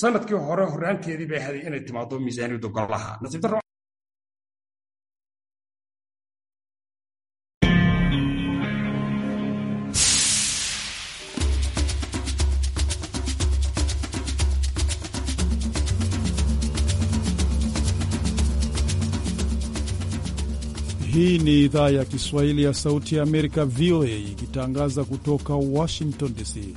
sanadkii hore horaankeedii bay ahaday inay timaado miisaaniyadda golaha Hii ni idhaa ya Kiswahili ya Sauti ya Amerika, VOA, ikitangaza kutoka Washington DC.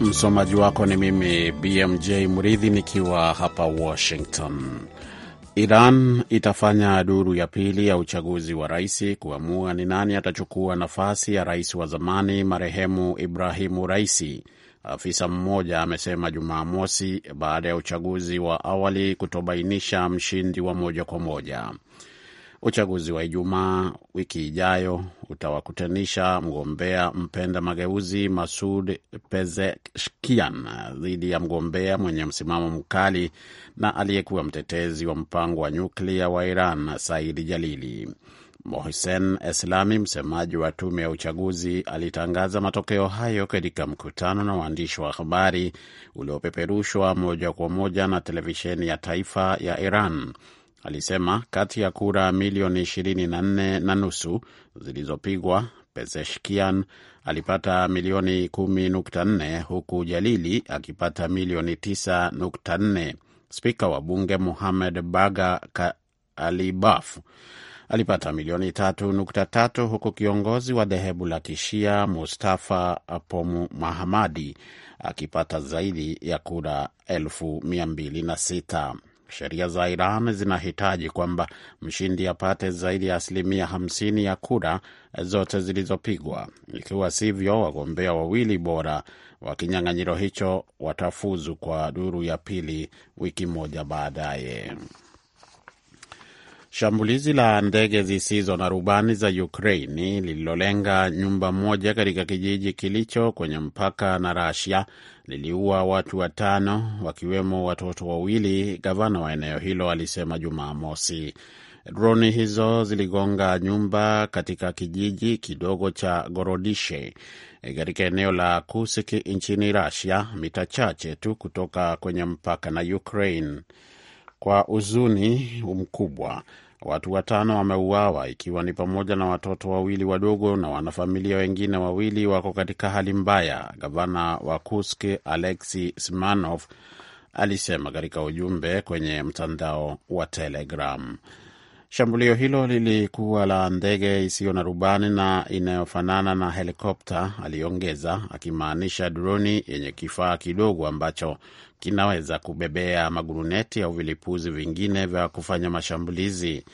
Msomaji wako ni mimi BMJ Mridhi nikiwa hapa Washington. Iran itafanya duru ya pili ya uchaguzi wa rais kuamua ni nani atachukua nafasi ya rais wa zamani marehemu Ibrahimu Raisi, afisa mmoja amesema Jumamosi, baada ya uchaguzi wa awali kutobainisha mshindi wa moja kwa moja. Uchaguzi wa Ijumaa wiki ijayo utawakutanisha mgombea mpenda mageuzi Masud Pezeshkian dhidi ya mgombea mwenye msimamo mkali na aliyekuwa mtetezi wa mpango wa nyuklia wa Iran Saidi Jalili. Mohsen Eslami, msemaji wa tume ya uchaguzi, alitangaza matokeo hayo katika mkutano na waandishi wa habari uliopeperushwa moja kwa moja na televisheni ya taifa ya Iran. Alisema kati ya kura milioni 24 na nusu zilizopigwa Pezeshkian alipata milioni 10.4 huku Jalili akipata milioni 9.4. Spika wa bunge muhamed Baga Alibaf alipata milioni 3.3 huku kiongozi wa dhehebu la Kishia Mustafa Pomu Mahamadi akipata zaidi ya kura 206,000. Sheria za Iran zinahitaji kwamba mshindi apate zaidi ya asilimia hamsini ya kura zote zilizopigwa. Ikiwa sivyo, wagombea wawili bora wa kinyang'anyiro hicho watafuzu kwa duru ya pili wiki moja baadaye. Shambulizi la ndege zisizo na rubani za Ukraini lililolenga nyumba moja katika kijiji kilicho kwenye mpaka na rasia liliua watu watano wakiwemo watoto wawili, gavana wa eneo hilo alisema Jumamosi. Droni hizo ziligonga nyumba katika kijiji kidogo cha Gorodishe eh, katika eneo la Kusk nchini rasia mita chache tu kutoka kwenye mpaka na Ukraine. Kwa huzuni mkubwa, watu watano wameuawa ikiwa ni pamoja na watoto wawili wadogo na wanafamilia wengine wawili wako katika hali mbaya, gavana wa Kursk Alexi Smirnov alisema katika ujumbe kwenye mtandao wa Telegram. Shambulio hilo lilikuwa la ndege isiyo na rubani na inayofanana na helikopta, aliongeza, akimaanisha droni yenye kifaa kidogo ambacho kinaweza kubebea maguruneti au vilipuzi vingine vya kufanya mashambulizi.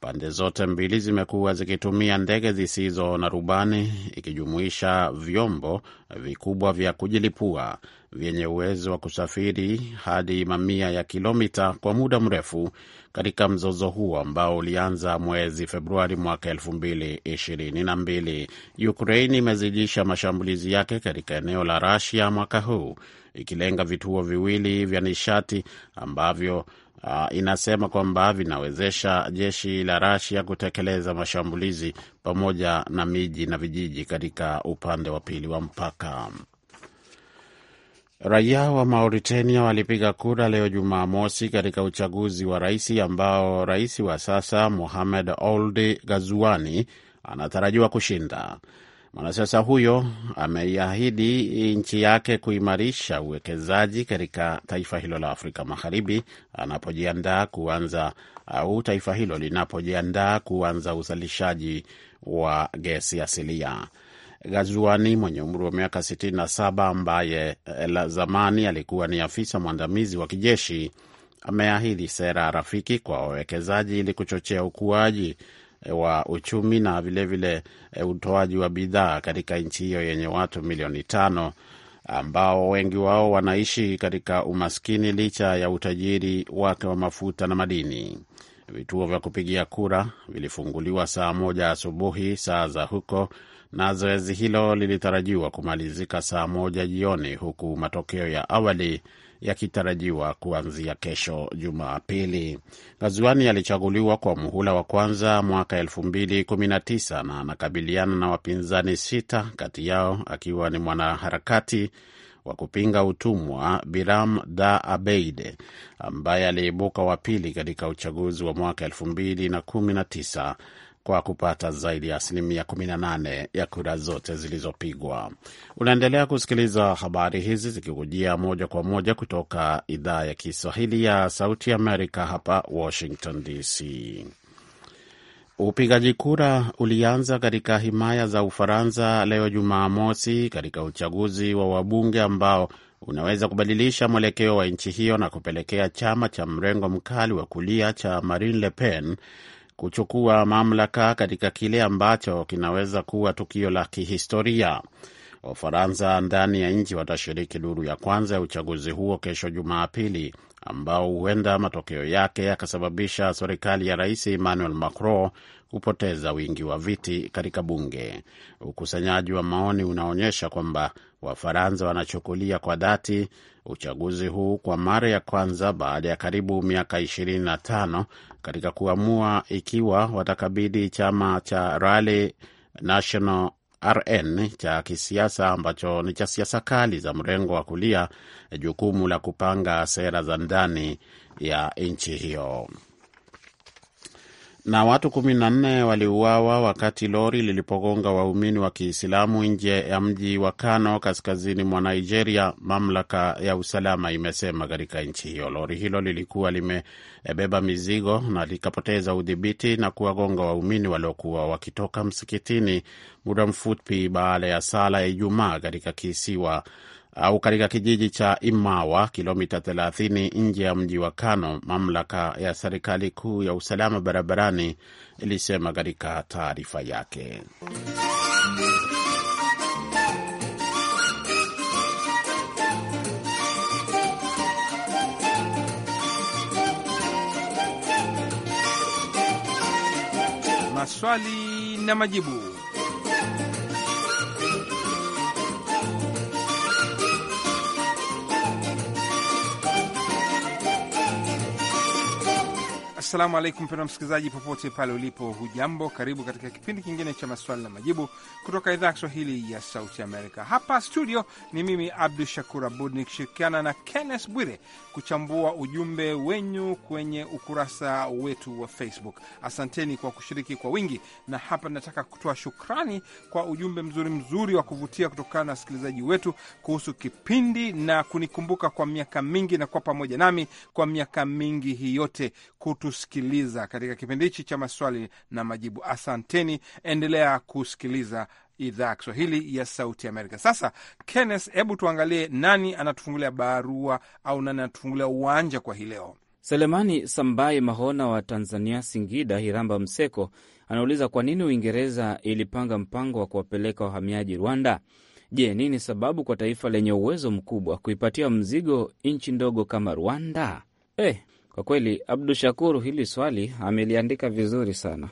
Pande zote mbili zimekuwa zikitumia ndege zisizo na rubani ikijumuisha vyombo vikubwa vya kujilipua vyenye uwezo wa kusafiri hadi mamia ya kilomita kwa muda mrefu katika mzozo huo ambao ulianza mwezi Februari mwaka elfu mbili ishirini na mbili. Ukraine imezidisha mashambulizi yake katika eneo la rasia mwaka huu ikilenga vituo viwili vya nishati ambavyo uh, inasema kwamba vinawezesha jeshi la Rasia kutekeleza mashambulizi pamoja na miji na vijiji katika upande wa pili wa mpaka. Raia wa Mauritania walipiga kura leo Jumamosi katika uchaguzi wa rais ambao rais wa sasa Mohamed Ould Ghazouani anatarajiwa kushinda. Mwanasiasa huyo ameiahidi nchi yake kuimarisha uwekezaji katika taifa hilo la Afrika Magharibi anapojiandaa kuanza au taifa hilo linapojiandaa kuanza uzalishaji wa gesi asilia. Gazuani mwenye umri wa miaka 67 ambaye eh, zamani alikuwa ni afisa mwandamizi wa kijeshi ameahidi sera rafiki kwa wawekezaji ili kuchochea ukuaji Eh, wa uchumi na vilevile vile eh, utoaji wa bidhaa katika nchi hiyo yenye watu milioni tano ambao wengi wao wanaishi katika umaskini licha ya utajiri wake wa mafuta na madini. Vituo vya kupigia kura vilifunguliwa saa moja asubuhi saa za huko, na zoezi hilo lilitarajiwa kumalizika saa moja jioni, huku matokeo ya awali yakitarajiwa kuanzia kesho Jumapili. Gazuani alichaguliwa kwa muhula wa kwanza mwaka 2019 na anakabiliana na wapinzani sita, kati yao akiwa ni mwanaharakati wa kupinga utumwa Biram Da abeide ambaye aliibuka wa pili katika uchaguzi wa mwaka 2019 kwa kupata zaidi ya asilimia 18 ya kura zote zilizopigwa. Unaendelea kusikiliza habari hizi zikikujia moja kwa moja kutoka idhaa ya Kiswahili ya Sauti Amerika, hapa Washington DC. Upigaji kura ulianza katika himaya za Ufaransa leo Jumamosi katika uchaguzi wa wabunge ambao unaweza kubadilisha mwelekeo wa nchi hiyo na kupelekea chama cha mrengo mkali wa kulia cha Marine Le Pen kuchukua mamlaka katika kile ambacho kinaweza kuwa tukio la kihistoria. Wafaransa ndani ya nchi watashiriki duru ya kwanza ya uchaguzi huo kesho Jumapili, ambao huenda matokeo yake yakasababisha serikali ya rais Emmanuel Macron kupoteza wingi wa viti katika bunge. Ukusanyaji wa maoni unaonyesha kwamba Wafaransa wanachukulia kwa dhati uchaguzi huu kwa mara ya kwanza baada ya karibu miaka 25 katika kuamua ikiwa watakabidhi chama cha Rally National RN cha kisiasa ambacho ni cha siasa kali za mrengo wa kulia jukumu la kupanga sera za ndani ya nchi hiyo na watu kumi na nne waliuawa wakati lori lilipogonga waumini wa Kiislamu nje ya mji wa Kano kaskazini mwa Nigeria, mamlaka ya usalama imesema katika nchi hiyo. Lori hilo lilikuwa limebeba mizigo na likapoteza udhibiti na kuwagonga waumini waliokuwa wakitoka msikitini muda mfupi baada ya sala ya Ijumaa katika kisiwa au katika kijiji cha Imawa, kilomita 30 nje ya mji wa Kano, mamlaka ya serikali kuu ya usalama barabarani ilisema katika taarifa yake. Maswali na majibu. Assalamu alaikum pendo msikilizaji, popote pale ulipo, hujambo? Karibu katika kipindi kingine cha maswali na majibu kutoka idhaa ya Kiswahili ya Sauti Amerika. Hapa studio ni mimi Abdu Shakur Abud nikishirikiana na Kenneth Bwire kuchambua ujumbe wenyu kwenye ukurasa wetu wa Facebook. Asanteni kwa kushiriki kwa wingi, na hapa nataka kutoa shukrani kwa ujumbe mzuri mzuri wa kuvutia kutokana na wasikilizaji wetu kuhusu kipindi na kunikumbuka kwa miaka mingi na kwa pamoja nami kwa miaka mingi hii yote kutu kusikiliza katika kipindi hichi cha maswali na majibu. Asanteni, endelea kusikiliza idhaa ya Kiswahili ya Sauti Amerika. Sasa Kenneth, hebu tuangalie nani anatufungulia barua au nani anatufungulia uwanja kwa hii leo. Selemani Sambai Mahona wa Tanzania, Singida, Hiramba Mseko, anauliza kwa nini Uingereza ilipanga mpango wa kuwapeleka wahamiaji Rwanda? Je, nini sababu kwa taifa lenye uwezo mkubwa kuipatia mzigo nchi ndogo kama Rwanda? Eh, kwa kweli Abdu Shakuru, hili swali ameliandika vizuri sana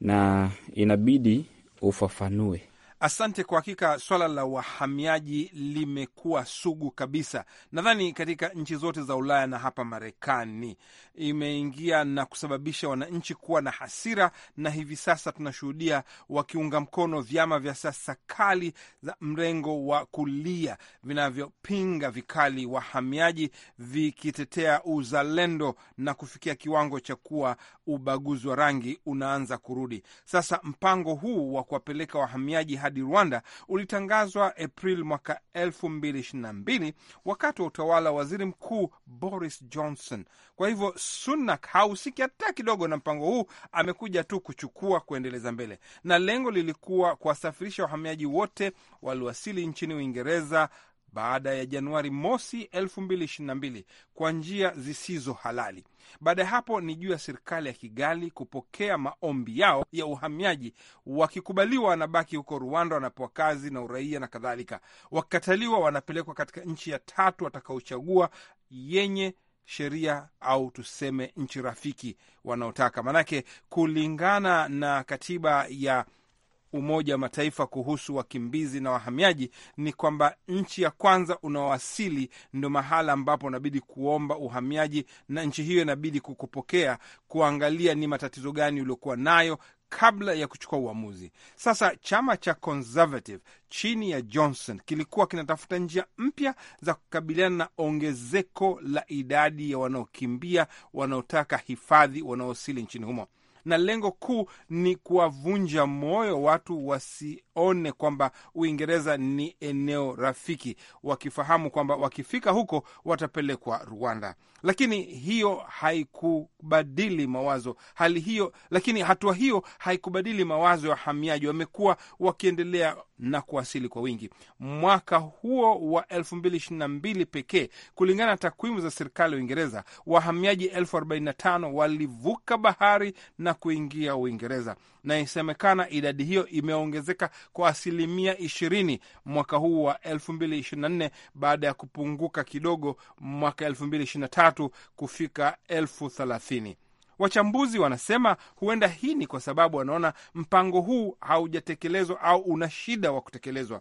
na inabidi ufafanue Asante. Kwa hakika swala la wahamiaji limekuwa sugu kabisa, nadhani katika nchi zote za Ulaya na hapa Marekani imeingia na kusababisha wananchi kuwa na hasira, na hivi sasa tunashuhudia wakiunga mkono vyama vya sasa kali za mrengo wa kulia vinavyopinga vikali wahamiaji, vikitetea uzalendo na kufikia kiwango cha kuwa ubaguzi wa rangi unaanza kurudi. Sasa mpango huu wa kuwapeleka wahamiaji hadi Rwanda ulitangazwa april mwaka 2022 wakati wa utawala wa waziri mkuu Boris Johnson. Kwa hivyo Sunak hahusiki hata kidogo na mpango huu, amekuja tu kuchukua, kuendeleza mbele, na lengo lilikuwa kuwasafirisha wahamiaji wote waliowasili nchini Uingereza baada ya Januari mosi 2022 kwa njia zisizo halali. Baada ya hapo ni juu ya serikali ya Kigali kupokea maombi yao ya uhamiaji. Wakikubaliwa wanabaki huko Rwanda, wanapewa kazi na uraia na kadhalika. Wakikataliwa wanapelekwa katika nchi ya tatu watakaochagua yenye sheria au tuseme nchi rafiki wanaotaka, maanake kulingana na katiba ya Umoja wa Mataifa kuhusu wakimbizi na wahamiaji ni kwamba nchi ya kwanza unaowasili ndo mahala ambapo unabidi kuomba uhamiaji, na nchi hiyo inabidi kukupokea, kuangalia ni matatizo gani uliokuwa nayo kabla ya kuchukua uamuzi. Sasa chama cha Conservative chini ya Johnson kilikuwa kinatafuta njia mpya za kukabiliana na ongezeko la idadi ya wanaokimbia, wanaotaka hifadhi, wanaowasili nchini humo na lengo kuu ni kuwavunja moyo watu wasione kwamba Uingereza ni eneo rafiki, wakifahamu kwamba wakifika huko watapelekwa Rwanda. Lakini hiyo haikubadili mawazo hali hiyo, lakini hatua hiyo haikubadili mawazo ya wahamiaji. Wamekuwa wakiendelea na kuwasili kwa wingi. Mwaka huo wa 2022 pekee, kulingana na takwimu za serikali ya Uingereza, wahamiaji 45 walivuka bahari na kuingia Uingereza, na isemekana idadi hiyo imeongezeka kwa asilimia ishirini mwaka huu wa nne baada ya kupunguka kidogo mwaka tatu kufika elfu thelathini. Wachambuzi wanasema huenda hii ni kwa sababu wanaona mpango huu haujatekelezwa au una shida wa kutekelezwa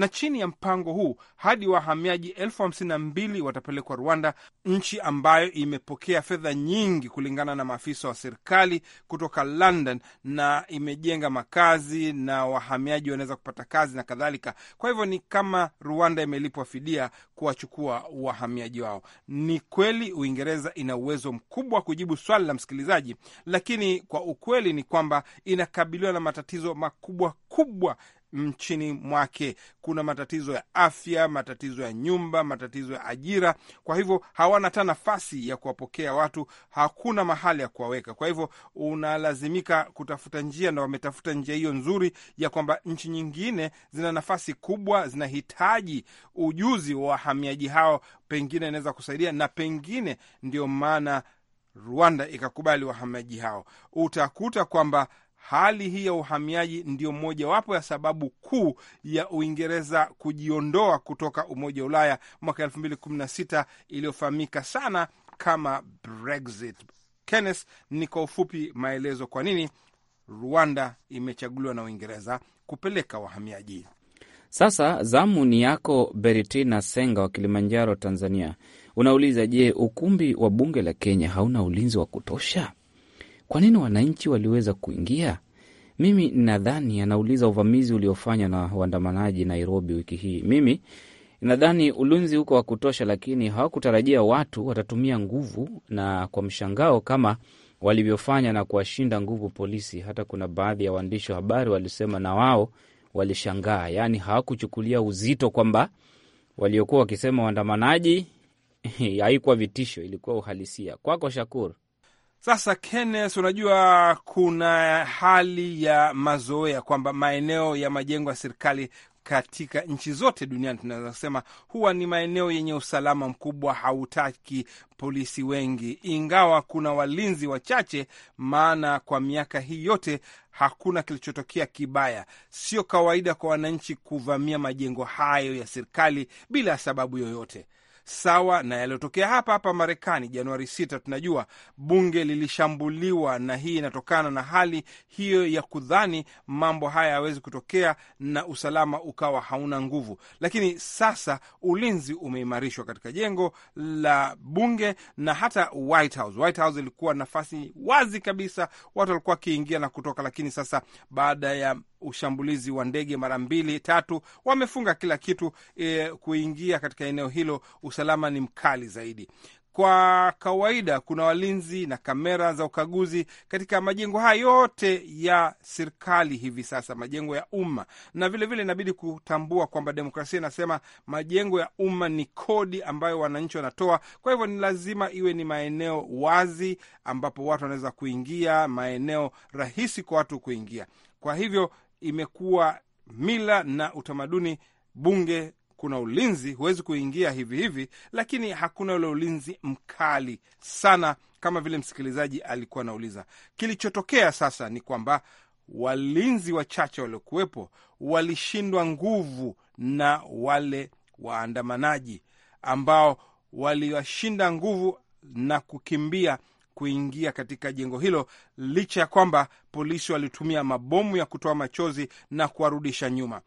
na chini ya mpango huu hadi wahamiaji elfu hamsini na mbili watapelekwa Rwanda, nchi ambayo imepokea fedha nyingi kulingana na maafisa wa serikali kutoka London, na imejenga makazi na wahamiaji wanaweza kupata kazi na kadhalika. Kwa hivyo ni kama Rwanda imelipwa fidia kuwachukua wahamiaji wao. Ni kweli Uingereza ina uwezo mkubwa wa kujibu swali la msikilizaji, lakini kwa ukweli ni kwamba inakabiliwa na matatizo makubwa kubwa nchini mwake. Kuna matatizo ya afya, matatizo ya nyumba, matatizo ya ajira. Kwa hivyo hawana hata nafasi ya kuwapokea watu, hakuna mahali ya kuwaweka. Kwa hivyo unalazimika kutafuta njia, na wametafuta njia hiyo nzuri ya kwamba nchi nyingine zina nafasi kubwa, zinahitaji ujuzi wa wahamiaji hao, pengine inaweza kusaidia, na pengine ndio maana Rwanda ikakubali wahamiaji hao. Utakuta kwamba Hali hii ya uhamiaji ndiyo mojawapo ya sababu kuu ya Uingereza kujiondoa kutoka Umoja wa Ulaya mwaka sita iliyofahamika sana kama Brexit. Kenneth, ni kwa ufupi maelezo kwa nini Rwanda imechaguliwa na Uingereza kupeleka wahamiaji. Sasa zamu ni yako, Beritina Senga wa Kilimanjaro, Tanzania. Unauliza, je, ukumbi wa bunge la Kenya hauna ulinzi wa kutosha? Kwa nini wananchi waliweza kuingia? Mimi nadhani anauliza uvamizi uliofanywa na waandamanaji Nairobi wiki hii. Mimi nadhani ulinzi huko wa kutosha, lakini hawakutarajia watu watatumia nguvu na kwa mshangao kama walivyofanya na kuwashinda nguvu polisi. Hata kuna baadhi ya waandishi wa habari walisema na wao walishangaa, yaani hawakuchukulia uzito kwamba waliokuwa wakisema waandamanaji haikuwa vitisho, ilikuwa uhalisia. Kwako Shakur. Sasa Kenneth, unajua kuna hali ya mazoea kwamba maeneo ya majengo ya serikali katika nchi zote duniani tunaweza kusema huwa ni maeneo yenye usalama mkubwa, hautaki polisi wengi, ingawa kuna walinzi wachache, maana kwa miaka hii yote hakuna kilichotokea kibaya. Sio kawaida kwa wananchi kuvamia majengo hayo ya serikali bila sababu yoyote sawa na yaliyotokea hapa hapa Marekani Januari 6. Tunajua bunge lilishambuliwa, na hii inatokana na hali hiyo ya kudhani mambo haya yawezi kutokea na usalama ukawa hauna nguvu. Lakini sasa ulinzi umeimarishwa katika jengo la bunge na hata White House. White House ilikuwa nafasi wazi kabisa, watu walikuwa wakiingia na kutoka, lakini sasa baada ya ushambulizi wa ndege mara mbili tatu, wamefunga kila kitu e, kuingia katika eneo hilo. Usalama ni mkali zaidi. Kwa kawaida kuna walinzi na kamera za ukaguzi katika majengo haya yote ya serikali hivi sasa, majengo ya umma. Na vilevile inabidi vile kutambua kwamba demokrasia inasema majengo ya umma ni kodi ambayo wananchi wanatoa. Kwa hivyo ni lazima iwe ni maeneo wazi ambapo watu wanaweza kuingia, maeneo rahisi kwa watu kuingia. Kwa hivyo imekuwa mila na utamaduni bunge kuna ulinzi, huwezi kuingia hivi hivi, lakini hakuna ule ulinzi mkali sana kama vile msikilizaji alikuwa anauliza. Kilichotokea sasa ni kwamba walinzi wachache waliokuwepo walishindwa nguvu na wale waandamanaji ambao waliwashinda nguvu na kukimbia kuingia katika jengo hilo, licha ya kwamba polisi walitumia mabomu ya kutoa machozi na kuwarudisha nyuma.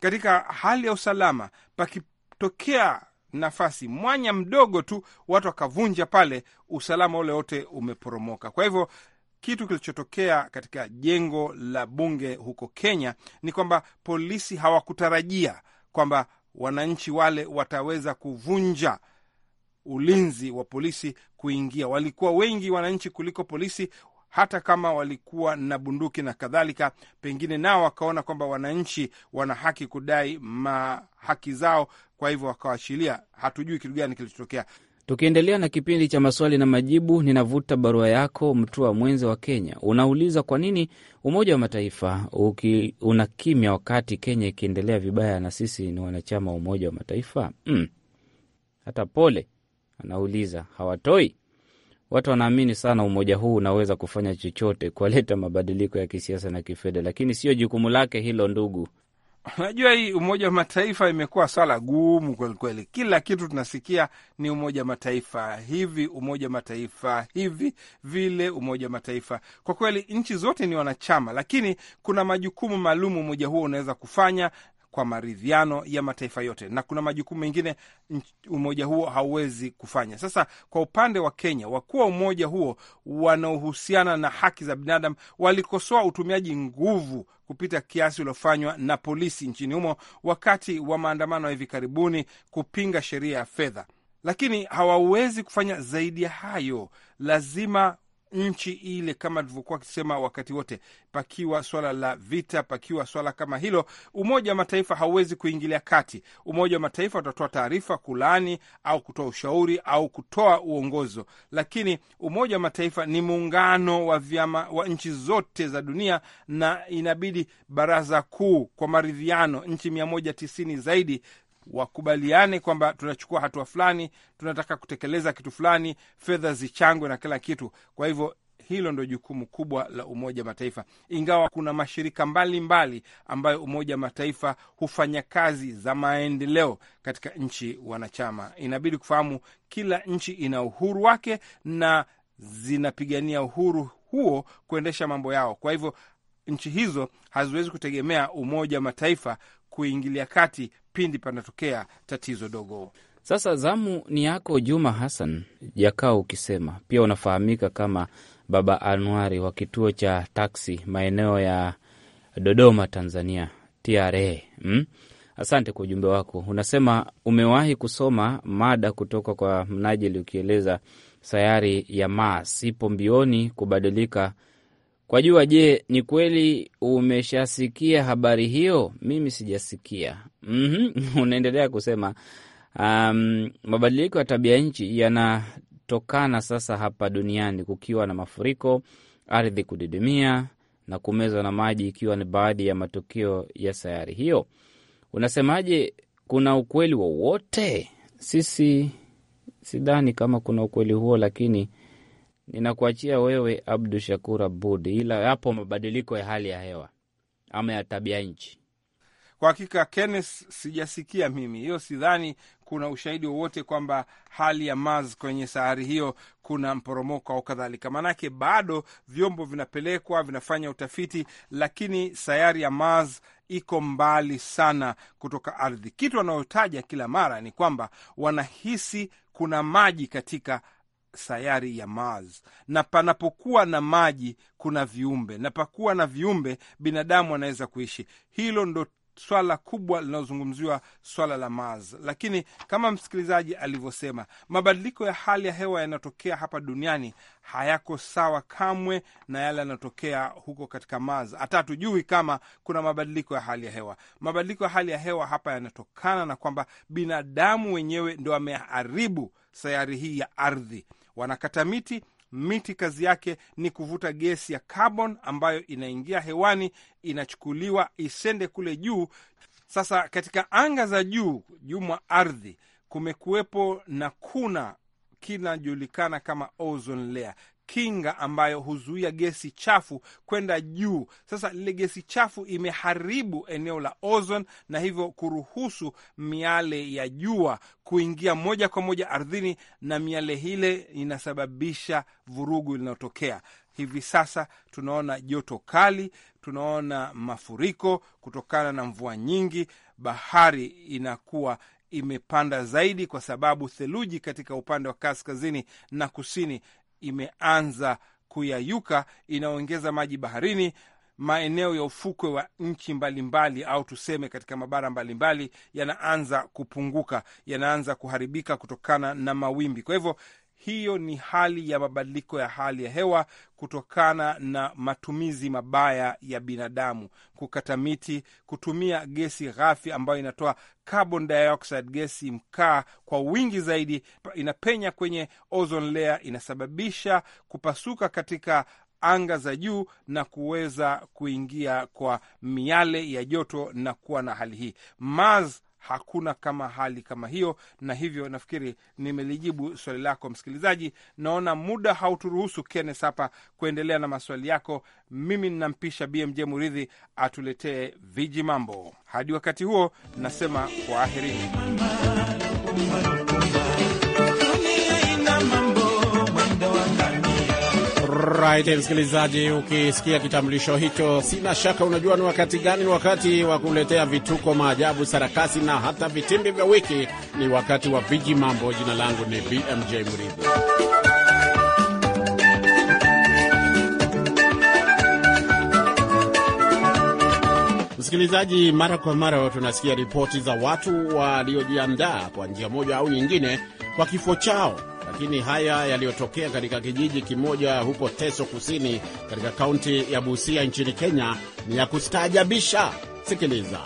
Katika hali ya usalama, pakitokea nafasi mwanya mdogo tu, watu wakavunja pale, usalama ule wote umeporomoka. Kwa hivyo kitu kilichotokea katika jengo la bunge huko Kenya ni kwamba polisi hawakutarajia kwamba wananchi wale wataweza kuvunja ulinzi wa polisi kuingia. Walikuwa wengi wananchi kuliko polisi, hata kama walikuwa na bunduki na kadhalika. Pengine nao wakaona kwamba wananchi wana haki kudai mahaki zao, kwa hivyo wakawaachilia. Hatujui kitu gani kilichotokea. Tukiendelea na kipindi cha maswali na majibu, ninavuta barua yako Mtua Mwenze wa Kenya. Unauliza, kwa nini Umoja wa Mataifa una kimya wakati Kenya ikiendelea vibaya na sisi ni wanachama wa Umoja wa Mataifa? Hmm. hata pole anauliza hawatoi. Watu wanaamini sana umoja huu unaweza kufanya chochote kuwaleta mabadiliko ya kisiasa na kifedha, lakini sio jukumu lake hilo, ndugu. Unajua, hii Umoja wa Mataifa imekuwa swala gumu kwelikweli. Kila kitu tunasikia ni Umoja Mataifa hivi, Umoja Mataifa hivi vile, Umoja Mataifa. Kwa kweli, nchi zote ni wanachama, lakini kuna majukumu maalum umoja huo unaweza kufanya, kwa maridhiano ya mataifa yote, na kuna majukumu mengine umoja huo hauwezi kufanya. Sasa kwa upande wa Kenya, wakuu wa umoja huo wanaohusiana na haki za binadamu walikosoa utumiaji nguvu kupita kiasi uliofanywa na polisi nchini humo wakati wa maandamano ya hivi karibuni kupinga sheria ya fedha, lakini hawawezi kufanya zaidi ya hayo. Lazima nchi ile, kama livokuwa akisema wakati wote, pakiwa swala la vita, pakiwa swala kama hilo, Umoja wa Mataifa hauwezi kuingilia kati. Umoja wa Mataifa utatoa taarifa kulani au kutoa ushauri au kutoa uongozo, lakini Umoja wa Mataifa ni muungano wa vyama wa nchi zote za dunia, na inabidi baraza kuu kwa maridhiano, nchi mia moja tisini zaidi wakubaliane kwamba tunachukua hatua fulani, tunataka kutekeleza kitu fulani, fedha zichangwe na kila kitu. Kwa hivyo hilo ndo jukumu kubwa la Umoja Mataifa, ingawa kuna mashirika mbalimbali mbali ambayo Umoja Mataifa hufanya kazi za maendeleo katika nchi wanachama. Inabidi kufahamu kila nchi ina uhuru wake na zinapigania uhuru huo kuendesha mambo yao. Kwa hivyo nchi hizo haziwezi kutegemea Umoja Mataifa kuingilia kati pindi panatokea tatizo dogo. Sasa zamu ni yako Juma Hassan Jakao, ukisema pia unafahamika kama Baba Anwari wa kituo cha taksi maeneo ya Dodoma, Tanzania, TRA mm? Asante kwa ujumbe wako. Unasema umewahi kusoma mada kutoka kwa mnajili ukieleza sayari ya Mars ipo mbioni kubadilika kwa jua. Je, ni kweli umeshasikia habari hiyo? Mimi sijasikia. mm -hmm. Unaendelea kusema um, mabadiliko ya tabia nchi yanatokana sasa hapa duniani kukiwa na mafuriko, ardhi kudidimia na kumezwa na maji, ikiwa ni baadhi ya matukio ya sayari hiyo. Unasemaje, kuna ukweli wowote? Sisi sidhani kama kuna ukweli huo, lakini ninakuachia wewe Abdu Shakur Abud, ila yapo mabadiliko ya hali ya hewa ama ya tabia nchi. Kwa hakika Kenneth, sijasikia mimi hiyo, sidhani kuna ushahidi wowote kwamba hali ya Mars kwenye sayari hiyo kuna mporomoko au kadhalika. Maanake bado vyombo vinapelekwa vinafanya utafiti, lakini sayari ya Mars iko mbali sana kutoka ardhi. Kitu wanayotaja kila mara ni kwamba wanahisi kuna maji katika sayari ya Mars, na panapokuwa na maji kuna viumbe, na pakuwa na viumbe binadamu anaweza kuishi. Hilo ndo swala kubwa linalozungumziwa, swala la Mars. Lakini kama msikilizaji alivyosema, mabadiliko ya hali ya hewa yanayotokea hapa duniani hayako sawa kamwe na yale yanayotokea huko katika Mars. Hata hatujui kama kuna mabadiliko ya hali ya hewa. Mabadiliko ya hali ya hewa hapa yanatokana na kwamba binadamu wenyewe ndo ameharibu sayari hii ya ardhi. Wanakata miti. Miti kazi yake ni kuvuta gesi ya carbon ambayo inaingia hewani, inachukuliwa isende kule juu. Sasa katika anga za juu juu mwa ardhi kumekuwepo na kuna kinajulikana kama ozone layer kinga ambayo huzuia gesi chafu kwenda juu. Sasa lile gesi chafu imeharibu eneo la ozon, na hivyo kuruhusu miale ya jua kuingia moja kwa moja ardhini, na miale hile inasababisha vurugu linayotokea hivi sasa. Tunaona joto kali, tunaona mafuriko kutokana na mvua nyingi. Bahari inakuwa imepanda zaidi kwa sababu theluji katika upande wa kaskazini na kusini imeanza kuyayuka, inaongeza maji baharini maeneo ya ufukwe wa nchi mbalimbali au tuseme katika mabara mbalimbali yanaanza kupunguka, yanaanza kuharibika kutokana na mawimbi. Kwa hivyo hiyo ni hali ya mabadiliko ya hali ya hewa kutokana na matumizi mabaya ya binadamu, kukata miti, kutumia gesi ghafi ambayo inatoa carbon dioxide, gesi mkaa kwa wingi zaidi, inapenya kwenye ozone layer, inasababisha kupasuka katika anga za juu na kuweza kuingia kwa miale ya joto na kuwa na hali hii. Mars hakuna kama hali kama hiyo, na hivyo nafikiri nimelijibu swali lako msikilizaji. Naona muda hauturuhusu Kenes hapa kuendelea na maswali yako. Mimi ninampisha BMJ Muridhi atuletee viji mambo. Hadi wakati huo, nasema kwaherini. Alright, msikilizaji, ukisikia kitambulisho hicho, sina shaka unajua ni wakati gani. Ni wakati wa kuletea vituko, maajabu, sarakasi na hata vitimbi vya wiki. Ni wakati wa viji mambo. Jina langu ni BMJ Mridhi. Msikilizaji, mara kwa mara tunasikia ripoti za watu waliojiandaa kwa njia moja au nyingine kwa kifo chao lakini haya yaliyotokea katika kijiji kimoja huko Teso Kusini katika kaunti ya Busia nchini Kenya ni ya kustaajabisha. Sikiliza.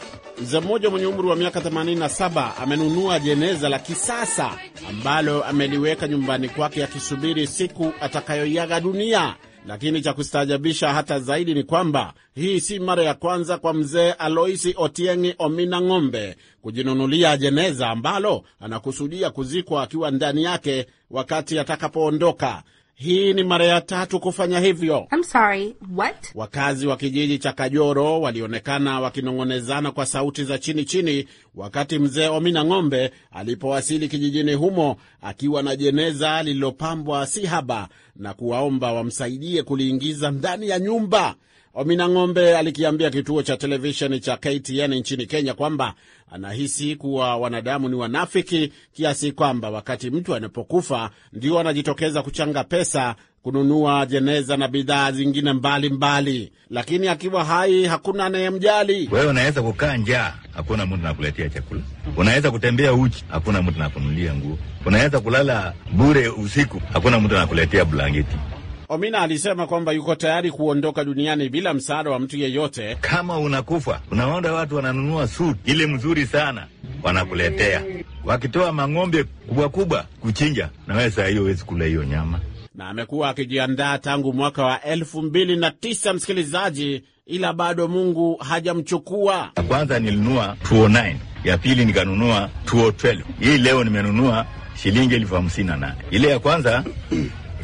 Mzee mmoja mwenye umri wa miaka 87 amenunua jeneza la kisasa ambalo ameliweka nyumbani kwake akisubiri siku atakayoiaga dunia. Lakini cha kustaajabisha hata zaidi ni kwamba hii si mara ya kwanza kwa mzee Aloisi Otieng'i Omina Ng'ombe kujinunulia jeneza ambalo anakusudia kuzikwa akiwa ndani yake wakati atakapoondoka. Hii ni mara ya tatu kufanya hivyo. I'm sorry, what? Wakazi wa kijiji cha Kajoro walionekana wakinong'onezana kwa sauti za chini chini wakati mzee Omina Ng'ombe alipowasili kijijini humo akiwa na jeneza lililopambwa si haba na kuwaomba wamsaidie kuliingiza ndani ya nyumba. Omina Ng'ombe alikiambia kituo cha televisheni cha KTN nchini Kenya kwamba anahisi kuwa wanadamu ni wanafiki kiasi kwamba wakati mtu anapokufa ndio anajitokeza kuchanga pesa kununua jeneza na bidhaa zingine mbalimbali, lakini akiwa hai hakuna anayemjali. Wewe unaweza kukaa njaa, hakuna mtu nakuletea chakula. Unaweza kutembea uchi, hakuna mtu nakunulia nguo. Unaweza kulala bure usiku, hakuna mtu anakuletea blangeti. Omina alisema kwamba yuko tayari kuondoka duniani bila msaada wa mtu yeyote. Kama unakufa, unaona watu wananunua suti ile mzuri sana, wanakuletea wakitoa mang'ombe kubwa kubwa kuchinja, na wewe saa hiyo huwezi kula hiyo nyama. Na amekuwa akijiandaa tangu mwaka wa elfu mbili na tisa, msikilizaji, ila bado Mungu hajamchukua. Ya kwanza nilinunua 209 ya pili nikanunua 212 hii leo nimenunua shilingi elfu hamsini na nane ile ya kwanza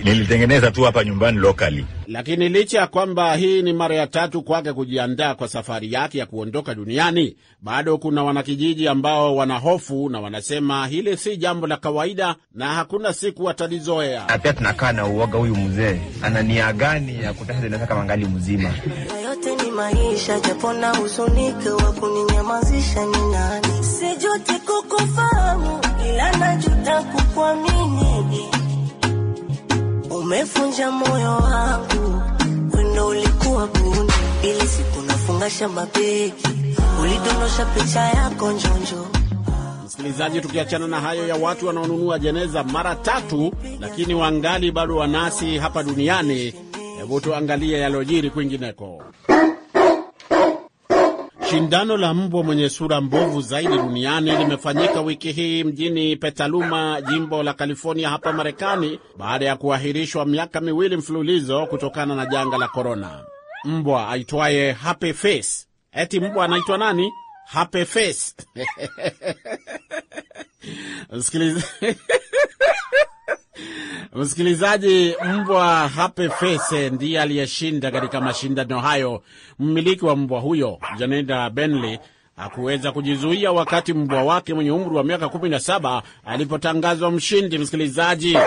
nilitengeneza tu hapa nyumbani locally. Lakini licha ya kwamba hii ni mara ya tatu kwake kujiandaa kwa safari yake ya kuondoka duniani, bado kuna wanakijiji ambao wanahofu na wanasema hili si jambo la kawaida na hakuna siku watalizoea. Na pia tunakaa na uoga, huyu mzee ana nia gani ya kutaka kama ngali mzima yote ni maisha, japo na huzunike wa kuninyamazisha ni nani? kukufa umefunja moyo wangu, wino ulikuwa buni, ili siku nafungasha mabegi, ulidondosha picha yako njonjo. Msikilizaji, tukiachana na hayo ya watu wanaonunua jeneza mara tatu lakini wangali bado wanasi hapa duniani, hebu tuangalie yaliyojiri kwingineko. Shindano la mbwa mwenye sura mbovu zaidi duniani limefanyika wiki hii mjini Petaluma, jimbo la California hapa Marekani, baada ya kuahirishwa miaka miwili mfululizo kutokana na janga la korona. Mbwa aitwaye Happy Face. Eti mbwa anaitwa nani? Happy Face. Msikilizaji Msikilizaji, mbwa Hape Fese ndiye aliyeshinda katika mashindano hayo. Mmiliki wa mbwa huyo Janeda Benley hakuweza kujizuia wakati mbwa wake mwenye umri wa miaka 17 alipotangazwa mshindi. Msikilizaji,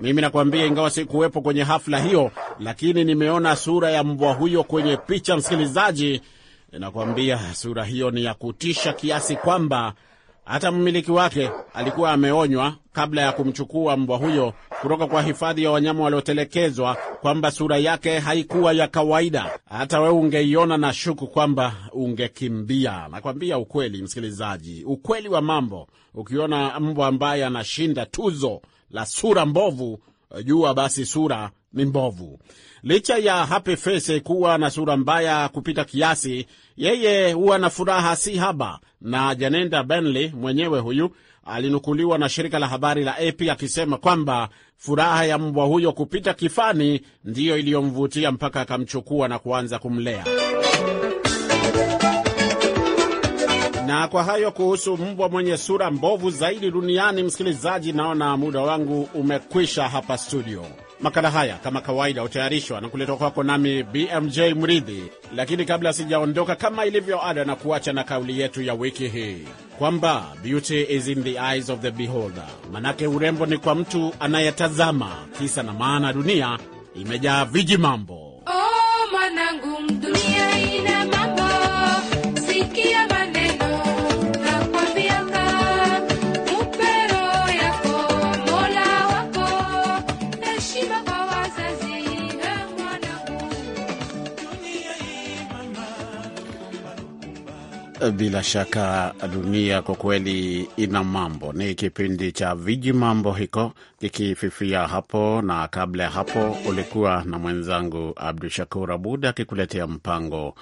mimi nakwambia, ingawa sikuwepo kwenye hafla hiyo, lakini nimeona sura ya mbwa huyo kwenye picha. Msikilizaji, nakwambia sura hiyo ni ya kutisha kiasi kwamba hata mmiliki wake alikuwa ameonywa kabla ya kumchukua mbwa huyo kutoka kwa hifadhi ya wanyama waliotelekezwa kwamba sura yake haikuwa ya kawaida. Hata wewe ungeiona na shuku kwamba ungekimbia. Nakwambia ukweli, msikilizaji, ukweli wa mambo. Ukiona mbwa ambaye anashinda tuzo la sura mbovu, jua basi sura ni mbovu. Licha ya Happy Face kuwa na sura mbaya kupita kiasi, yeye huwa na furaha si haba, na Janenda Benly mwenyewe huyu alinukuliwa na shirika la habari la AP akisema kwamba furaha ya mbwa huyo kupita kifani ndiyo iliyomvutia mpaka akamchukua na kuanza kumlea. Na kwa hayo kuhusu mbwa mwenye sura mbovu zaidi duniani, msikilizaji, naona muda wangu umekwisha hapa studio. Makala haya kama kawaida hutayarishwa na kuletwa kwako nami BMJ Mridhi, lakini kabla sijaondoka, kama ilivyo ada, na kuacha na kauli yetu ya wiki hii kwamba beauty is in the eyes of the beholder, manake urembo ni kwa mtu anayetazama. Kisa na maana, dunia imejaa viji mambo. Oh, mwanangu, dunia ina mambo. Sikia Bila shaka dunia kwa kweli ina mambo. Ni kipindi cha viji mambo hiko kikififia hapo, na kabla ya hapo ulikuwa na mwenzangu Abdu Shakur Abud akikuletea mpango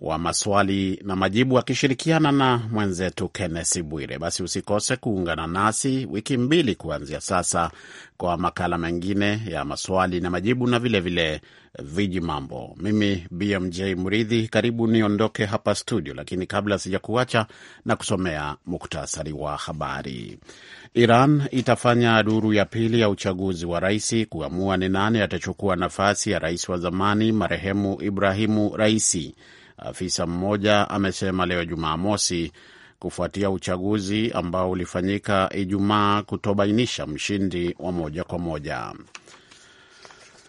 wa maswali na majibu akishirikiana na mwenzetu Kennesi Bwire. Basi usikose kuungana nasi wiki mbili kuanzia sasa kwa makala mengine ya maswali na majibu na vilevile vile viji mambo. Mimi BMJ Mridhi, karibu niondoke hapa studio, lakini kabla sijakuacha na kusomea muktasari wa habari. Iran itafanya duru ya pili ya uchaguzi wa rais kuamua ni nani atachukua nafasi ya rais wa zamani marehemu Ibrahimu Raisi, afisa mmoja amesema leo Jumamosi, kufuatia uchaguzi ambao ulifanyika Ijumaa kutobainisha mshindi wa moja kwa moja.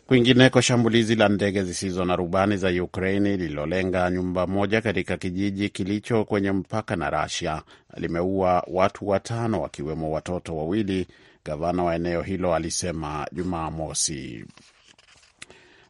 Kwingineko, shambulizi la ndege zisizo na rubani za Ukraini lililolenga nyumba moja katika kijiji kilicho kwenye mpaka na Rasia limeua watu watano wakiwemo watoto wawili, gavana wa eneo hilo alisema Jumamosi.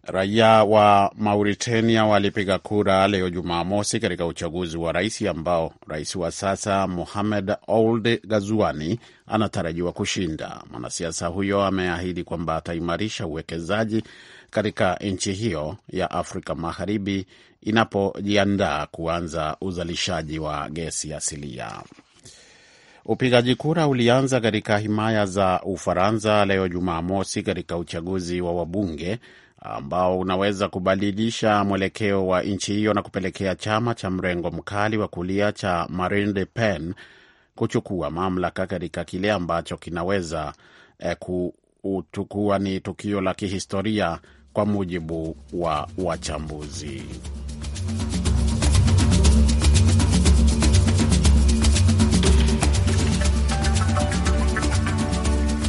Raia wa Mauritania walipiga kura leo Jumamosi katika uchaguzi wa rais ambao rais wa sasa Mohamed Ould Ghazouani anatarajiwa kushinda. Mwanasiasa huyo ameahidi kwamba ataimarisha uwekezaji katika nchi hiyo ya Afrika Magharibi inapojiandaa kuanza uzalishaji wa gesi asilia. Upigaji kura ulianza katika himaya za Ufaransa leo Jumamosi katika uchaguzi wa wabunge ambao unaweza kubadilisha mwelekeo wa nchi hiyo na kupelekea chama cha mrengo mkali wa kulia cha Marine Le Pen kuchukua mamlaka katika kile ambacho kinaweza eh, kuwa ni tukio la kihistoria kwa mujibu wa wachambuzi.